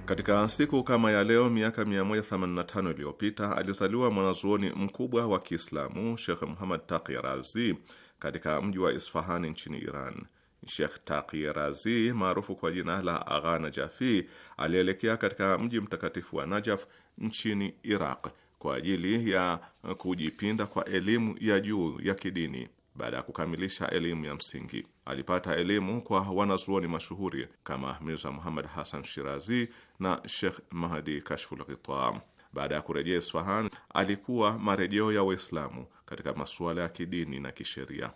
Katika siku kama ya leo miaka 185 iliyopita alizaliwa mwanazuoni mkubwa wa Kiislamu Shekh Muhammad Taqi Razi katika mji wa Isfahani nchini Iran. Shekh Taqi Razi maarufu kwa jina la Aghana Jafi alielekea katika mji mtakatifu wa Najaf nchini Iraq kwa ajili ya kujipinda kwa elimu ya juu ya kidini. Baada ya kukamilisha elimu ya msingi, alipata elimu kwa wanazuoni mashuhuri kama Mirza Muhammad Hassan Shirazi na Sheikh Mahdi Kashful Ghitam. Baada ya kurejea Isfahan, alikuwa marejeo ya Waislamu katika masuala ya kidini na kisheria.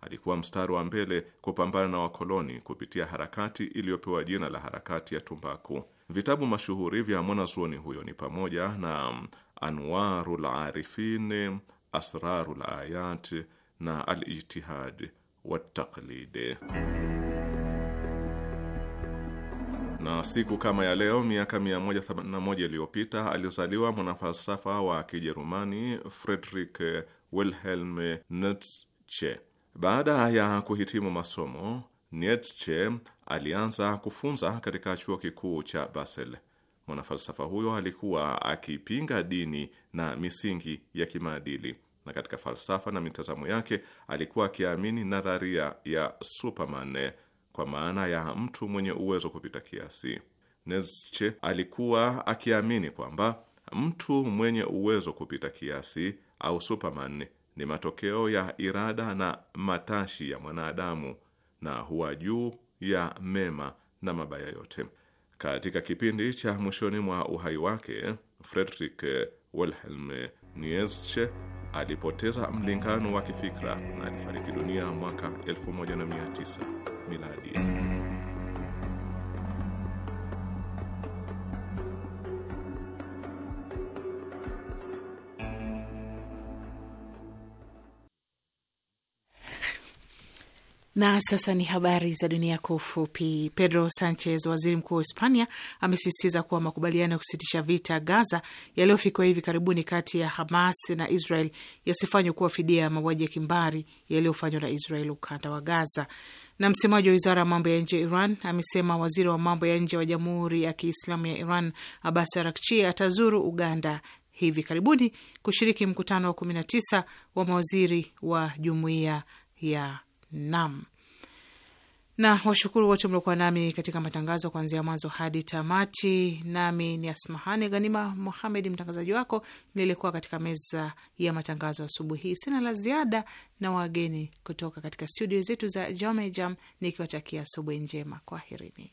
Alikuwa mstari wa mbele kupambana na wakoloni kupitia harakati iliyopewa jina la harakati ya tumbaku. Vitabu mashuhuri vya mwanazuoni huyo ni pamoja na Anwarul Arifin, Asrarul Ayat na alijtihad ijtihad Na siku kama ya leo miaka 181 iliyopita alizaliwa mwanafalsafa wa Kijerumani Friedrich Wilhelm Nietzsche. Baada ya kuhitimu masomo Nietzsche alianza kufunza katika chuo kikuu cha Basel. Mwanafalsafa huyo alikuwa akipinga dini na misingi ya kimaadili, na katika falsafa na mitazamo yake alikuwa akiamini nadharia ya Superman kwa maana ya mtu mwenye uwezo kupita kiasi. Nietzsche alikuwa akiamini kwamba mtu mwenye uwezo kupita kiasi au Superman ni matokeo ya irada na matashi ya mwanadamu na huwa juu ya mema na mabaya yote. Katika kipindi cha mwishoni mwa uhai wake, Friedrich Wilhelm Nietzsche alipoteza mlingano wa kifikra na alifariki dunia mwaka 1900 miladi. Na sasa ni habari za dunia kwa ufupi. Pedro Sanchez, waziri mkuu wa Hispania, amesisitiza kuwa makubaliano ya kusitisha vita Gaza yaliyofikiwa hivi karibuni kati ya Hamas na Israel yasifanywe kuwa fidia ya mauaji ya kimbari yaliyofanywa na Israel ukanda wa Gaza. Na msemaji wa wizara ya mambo ya nje ya Iran amesema waziri wa mambo ya nje wa Jamhuri ya Kiislamu ya Iran Abbas Arakchi atazuru Uganda hivi karibuni kushiriki mkutano wa 19 wa mawaziri wa jumuiya ya Nam na washukuru wote mliokuwa nami katika matangazo kuanzia mwanzo hadi tamati. Nami ni Asmahani Ghanima Muhamed, mtangazaji wako, nilikuwa katika meza ya matangazo asubuhi hii. Sina la ziada na wageni kutoka katika studio zetu za Jamejam, nikiwatakia asubuhi njema. Kwaherini.